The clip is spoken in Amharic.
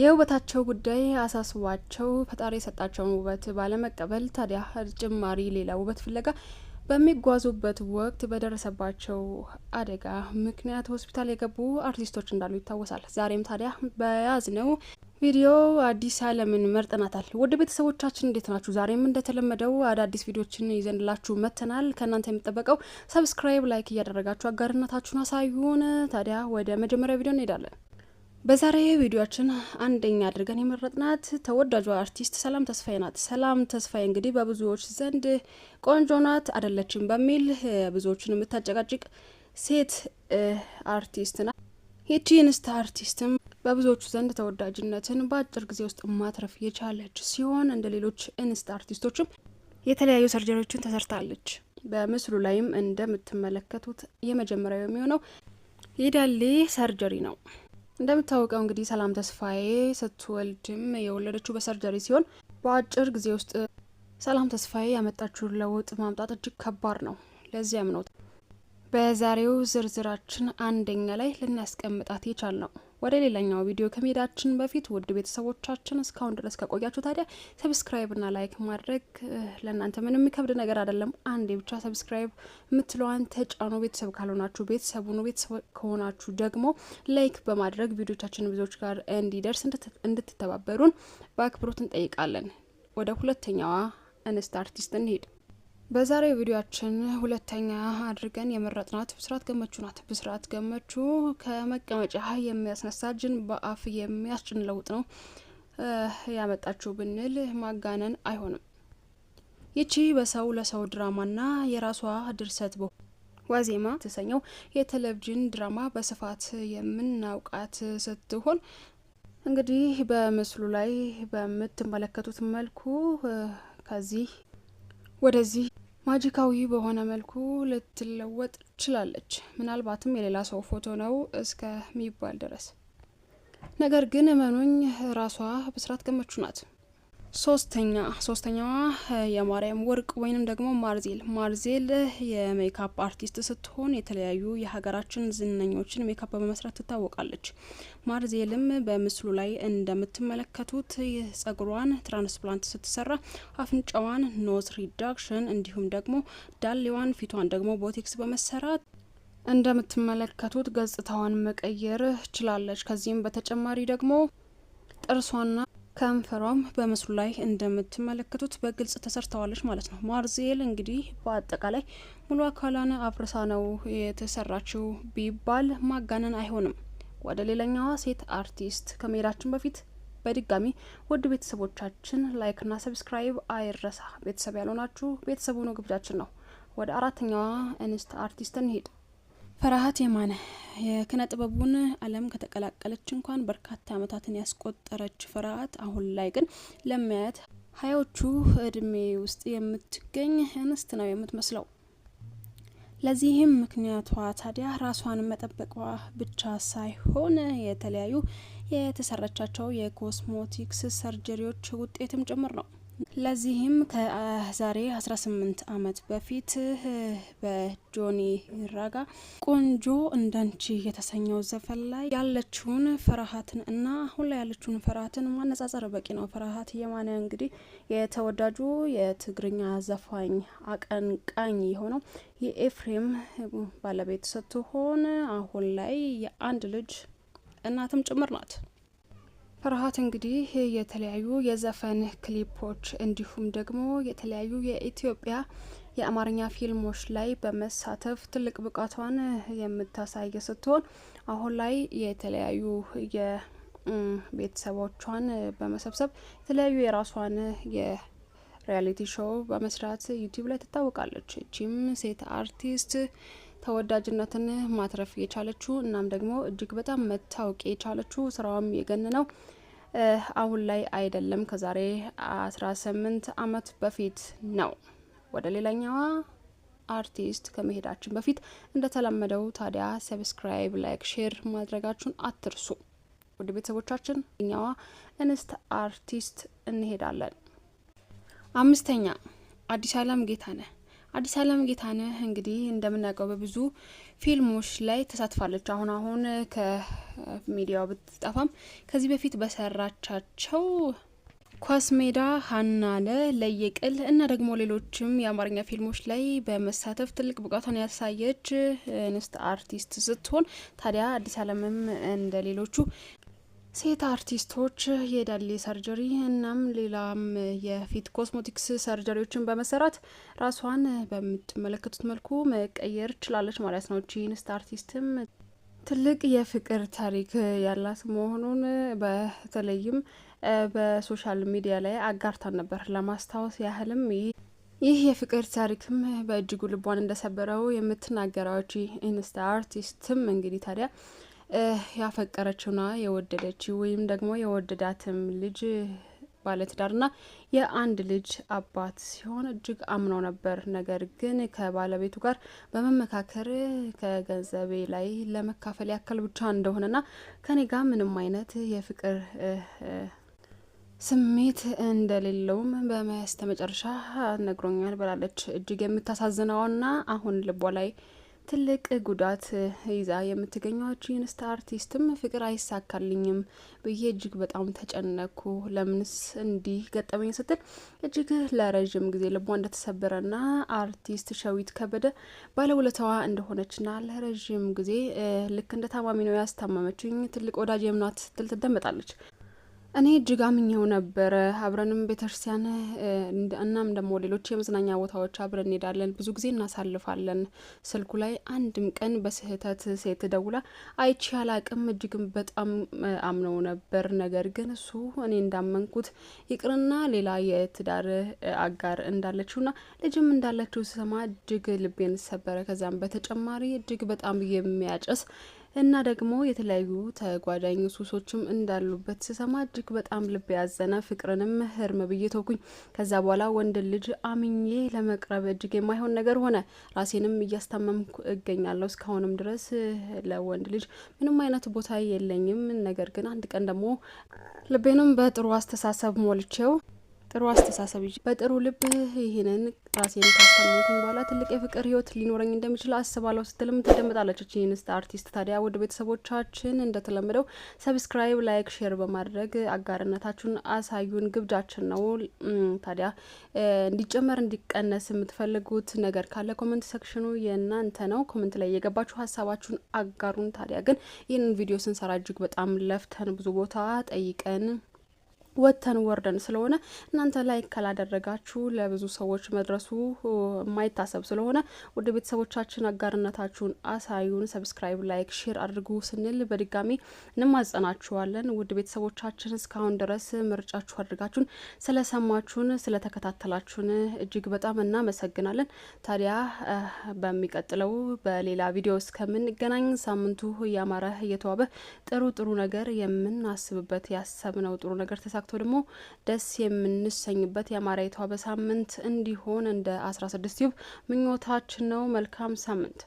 የውበታቸው ጉዳይ አሳስቧቸው ፈጣሪ የሰጣቸውን ውበት ባለመቀበል ታዲያ ጭማሪ ሌላ ውበት ፍለጋ በሚጓዙበት ወቅት በደረሰባቸው አደጋ ምክንያት ሆስፒታል የገቡ አርቲስቶች እንዳሉ ይታወሳል። ዛሬም ታዲያ በያዝነው ቪዲዮ አዲስ ዓለምን መርጠናታል። ውድ ቤተሰቦቻችን እንዴት ናችሁ? ዛሬም እንደተለመደው አዳዲስ ቪዲዮችን ይዘንላችሁ መጥተናል። ከእናንተ የሚጠበቀው ሰብስክራይብ፣ ላይክ እያደረጋችሁ አጋርነታችሁን አሳዩን። ታዲያ ወደ መጀመሪያ ቪዲዮ እንሄዳለን። በዛሬ ቪዲዮችን አንደኛ አድርገን የመረጥናት ተወዳጇ አርቲስት ሰላም ተስፋዬ ናት። ሰላም ተስፋዬ እንግዲህ በብዙዎች ዘንድ ቆንጆ ናት አይደለችም በሚል ብዙዎችን የምታጨቃጭቅ ሴት አርቲስት ናት። ይቺ እንስት አርቲስትም በብዙዎቹ ዘንድ ተወዳጅነትን በአጭር ጊዜ ውስጥ ማትረፍ የቻለች ሲሆን እንደ ሌሎች እንስት አርቲስቶችም የተለያዩ ሰርጀሪዎችን ተሰርታለች። በምስሉ ላይም እንደምትመለከቱት የመጀመሪያው የሚሆነው የዳሌ ሰርጀሪ ነው። እንደምታወቀው እንግዲህ ሰላም ተስፋዬ ስትወልድም የወለደችው በሰርጀሪ ሲሆን በአጭር ጊዜ ውስጥ ሰላም ተስፋዬ ያመጣችው ለውጥ ማምጣት እጅግ ከባድ ነው። ለዚያም ነው በዛሬው ዝርዝራችን አንደኛ ላይ ልናስቀምጣት የቻል ነው። ወደ ሌላኛው ቪዲዮ ከመሄዳችን በፊት ውድ ቤተሰቦቻችን እስካሁን ድረስ ከቆያችሁ ታዲያ ሰብስክራይብና ላይክ ማድረግ ለእናንተ ምን የሚከብድ ነገር አይደለም። አንዴ ብቻ ሰብስክራይብ የምትለዋን ተጫኑ። ቤተሰብ ካልሆናችሁ ቤተሰቡ ነው። ቤተሰብ ከሆናችሁ ደግሞ ላይክ በማድረግ ቪዲዮቻችን ብዙዎች ጋር እንዲደርስ እንድትተባበሩን በአክብሮት እንጠይቃለን። ወደ ሁለተኛዋ እንስት አርቲስት እንሄድ። በዛሬ ቪዲዮችን ሁለተኛ አድርገን የመረጥናት ብስራት ገመቹ ናት። ብስራት ገመቹ ከመቀመጫ የሚያስነሳ ጅን በአፍ የሚያስጭን ለውጥ ነው ያመጣችው ብንል ማጋነን አይሆንም። ይቺ በሰው ለሰው ድራማና የራሷ ድርሰት በሆ ዋዜማ የተሰኘው የቴሌቪዥን ድራማ በስፋት የምናውቃት ስትሆን እንግዲህ በምስሉ ላይ በምትመለከቱት መልኩ ከዚህ ወደዚህ ማጂካዊ በሆነ መልኩ ልትለወጥ ችላለች። ምናልባትም የሌላ ሰው ፎቶ ነው እስከሚባል ድረስ ነገር ግን እመኑኝ ራሷ ብስራት ገመቹ ናት። ሶስተኛ ሶስተኛዋ የማርያም ወርቅ ወይንም ደግሞ ማርዜል ማርዜል የሜካፕ አርቲስት ስትሆን የተለያዩ የሀገራችን ዝነኞችን ሜካፕ በመስራት ትታወቃለች። ማርዜልም በምስሉ ላይ እንደምትመለከቱት ጸጉሯን ትራንስፕላንት ስትሰራ አፍንጫዋን ኖዝ ሪዳክሽን እንዲሁም ደግሞ ዳሌዋን ፊቷን ደግሞ ቦቴክስ በመሰራት እንደምትመለከቱት ገጽታዋን መቀየር ችላለች። ከዚህም በተጨማሪ ደግሞ ጥርሷና ከንፈሯም በምስሉ ላይ እንደምትመለከቱት በግልጽ ተሰርተዋለች ማለት ነው። ማርዚኤል እንግዲህ በአጠቃላይ ሙሉ አካሏን አፍርሳ ነው የተሰራችው ቢባል ማጋነን አይሆንም። ወደ ሌላኛዋ ሴት አርቲስት ከመሄዳችን በፊት በድጋሚ ውድ ቤተሰቦቻችን ላይክና ሰብስክራይብ አይረሳ። ቤተሰብ ያልሆናችሁ ቤተሰቡ ነው ግብዣችን ነው። ወደ አራተኛዋ እንስት አርቲስት እንሄድ። ፍርሃት የማነ የኪነ ጥበቡን ዓለም ከተቀላቀለች እንኳን በርካታ ዓመታትን ያስቆጠረች ፍርሃት አሁን ላይ ግን ለማየት ሀያዎቹ እድሜ ውስጥ የምትገኝ እንስት ነው የምትመስለው። ለዚህም ምክንያቷ ታዲያ ራሷን መጠበቋ ብቻ ሳይሆን የተለያዩ የተሰራቻቸው የኮስሞቲክስ ሰርጀሪዎች ውጤትም ጭምር ነው። ለዚህም ከዛሬ 18 ዓመት በፊት በጆኒ ራጋ ቆንጆ እንዳንቺ የተሰኘው ዘፈን ላይ ያለችውን ፍርሃትን እና አሁን ላይ ያለችውን ፍርሃትን ማነጻጸር በቂ ነው። ፍርሃት የማነ እንግዲህ የተወዳጁ የትግርኛ ዘፋኝ አቀንቃኝ የሆነው የኤፍሬም ባለቤት ስትሆን አሁን ላይ የአንድ ልጅ እናትም ጭምር ናት። ፍርሃት እንግዲህ የተለያዩ የዘፈን ክሊፖች እንዲሁም ደግሞ የተለያዩ የኢትዮጵያ የአማርኛ ፊልሞች ላይ በመሳተፍ ትልቅ ብቃቷን የምታሳይ ስትሆን አሁን ላይ የተለያዩ የቤተሰቦቿን በመሰብሰብ የተለያዩ የራሷን የሪያሊቲ ሾው በመስራት ዩቲዩብ ላይ ትታወቃለች። እቺም ሴት አርቲስት ተወዳጅነትን ማትረፍ የቻለችው እናም ደግሞ እጅግ በጣም መታወቅ የቻለችው ስራዋም የገን ነው አሁን ላይ አይደለም፣ ከዛሬ 18 አመት በፊት ነው። ወደ ሌላኛዋ አርቲስት ከመሄዳችን በፊት እንደተለመደው ታዲያ ሰብስክራይብ፣ ላይክ፣ ሼር ማድረጋችሁን አትርሱ። ወደ ቤተሰቦቻችን ኛዋ እንስት አርቲስት እንሄዳለን። አምስተኛ አዲስ አለም ጌታነህ አዲስ አለም ጌታነህ እንግዲህ እንደምናውቀው በብዙ ፊልሞች ላይ ተሳትፋለች። አሁን አሁን ከሚዲያው ብትጠፋም ከዚህ በፊት በሰራቻቸው ኳስ ሜዳ፣ ሀናለ፣ ለየቅል እና ደግሞ ሌሎችም የአማርኛ ፊልሞች ላይ በመሳተፍ ትልቅ ብቃቷን ያሳየች እንስት አርቲስት ስትሆን ታዲያ አዲስ አለምም እንደ ሌሎቹ ሴት አርቲስቶች የዳሌ ሰርጀሪ እናም ሌላም የፊት ኮስሞቲክስ ሰርጀሪዎችን በመሰራት ራሷን በምትመለከቱት መልኩ መቀየር ችላለች ማለት ነው። ጂንስት አርቲስትም ትልቅ የፍቅር ታሪክ ያላት መሆኑን በተለይም በሶሻል ሚዲያ ላይ አጋርታን ነበር። ለማስታወስ ያህልም ይህ ይህ የፍቅር ታሪክም በእጅጉ ልቧን እንደሰበረው የምትናገራዎች ኢንስታ አርቲስትም እንግዲህ ታዲያ ያፈቀረችውና የወደደችው ወይም ደግሞ የወደዳትም ልጅ ባለትዳርና የአንድ ልጅ አባት ሲሆን እጅግ አምነው ነበር። ነገር ግን ከባለቤቱ ጋር በመመካከር ከገንዘቤ ላይ ለመካፈል ያክል ብቻ እንደሆነና ከኔ ጋር ምንም አይነት የፍቅር ስሜት እንደሌለውም በመያዝ ተመጨረሻ ነግሮኛል ብላለች። እጅግ የምታሳዝነውና አሁን ልቧ ላይ ትልቅ ጉዳት ይዛ የምትገኘው ኢንስታ አርቲስትም ፍቅር አይሳካልኝም ብዬ እጅግ በጣም ተጨነኩ፣ ለምንስ እንዲህ ገጠመኝ ስትል እጅግ ለረዥም ጊዜ ልቧ እንደተሰበረና አርቲስት ሸዊት ከበደ ባለውለታዋ እንደሆነችና ለረዥም ጊዜ ልክ እንደ ታማሚ ነው ያስታመመችኝ፣ ትልቅ ወዳጅ የምናት ስትል ትደመጣለች። እኔ እጅግ አምኜው ነበረ። አብረንም ቤተክርስቲያን እናም ደግሞ ሌሎች የመዝናኛ ቦታዎች አብረን እንሄዳለን፣ ብዙ ጊዜ እናሳልፋለን። ስልኩ ላይ አንድም ቀን በስህተት ሴት ደውላ አይቼ አላቅም። እጅግም በጣም አምነው ነበር። ነገር ግን እሱ እኔ እንዳመንኩት ይቅርና ሌላ የትዳር አጋር እንዳለችውና ልጅም እንዳለችው ስሰማ እጅግ ልቤን ሰበረ። ከዚያም በተጨማሪ እጅግ በጣም የሚያጨስ እና ደግሞ የተለያዩ ተጓዳኝ ሱሶችም እንዳሉበት ስሰማ እጅግ በጣም ልብ ያዘነ ፍቅርንም ህርም ብዬ ተውኩኝ። ከዛ በኋላ ወንድ ልጅ አምኜ ለመቅረብ እጅግ የማይሆን ነገር ሆነ። ራሴንም እያስታመምኩ እገኛለሁ። እስካሁንም ድረስ ለወንድ ልጅ ምንም አይነት ቦታ የለኝም። ነገር ግን አንድ ቀን ደግሞ ልቤንም በጥሩ አስተሳሰብ ሞልቼው ጥሩ አስተሳሰብ ይ በጥሩ ልብ ይህንን ራሴን ካስተማርኩኝ በኋላ ትልቅ የፍቅር ህይወት ሊኖረኝ እንደሚችል አስባለሁ ስትልም ትደመጣለች። ይህን አርቲስት ታዲያ ወደ ቤተሰቦቻችን እንደተለመደው ሰብስክራይብ፣ ላይክ፣ ሼር በማድረግ አጋርነታችሁን አሳዩን ግብዣችን ነው። ታዲያ እንዲጨመር እንዲቀነስ የምትፈልጉት ነገር ካለ ኮመንት ሴክሽኑ የእናንተ ነው። ኮመንት ላይ የገባችሁ ሀሳባችሁን አጋሩን። ታዲያ ግን ይህንን ቪዲዮ ስንሰራ እጅግ በጣም ለፍተን ብዙ ቦታ ጠይቀን ወተን ወርደን ስለሆነ እናንተ ላይክ ካላደረጋችሁ ለብዙ ሰዎች መድረሱ የማይታሰብ ስለሆነ ወደ ቤተሰቦቻችን አጋርነታችሁን አሳዩን። ሰብስክራይብ፣ ላይክ፣ ሼር አድርጉ ስንል በድጋሚ እንማጸናችኋለን። ውድ ቤተሰቦቻችን እስካሁን ድረስ ምርጫችሁ አድርጋችሁን ስለሰማችሁን፣ ስለተከታተላችሁን እጅግ በጣም እናመሰግናለን። ታዲያ በሚቀጥለው በሌላ ቪዲዮ እስከምንገናኝ ሳምንቱ ያማረ እየተዋበ ጥሩ ጥሩ ነገር የምናስብበት ያሰብነው ጥሩ ነገር ተሳ ተሳክቶ ደግሞ ደስ የምንሰኝበት የአማራ የተዋበ ሳምንት እንዲሆን እንደ አስራ ስድስት ዩብ ምኞታችን ነው። መልካም ሳምንት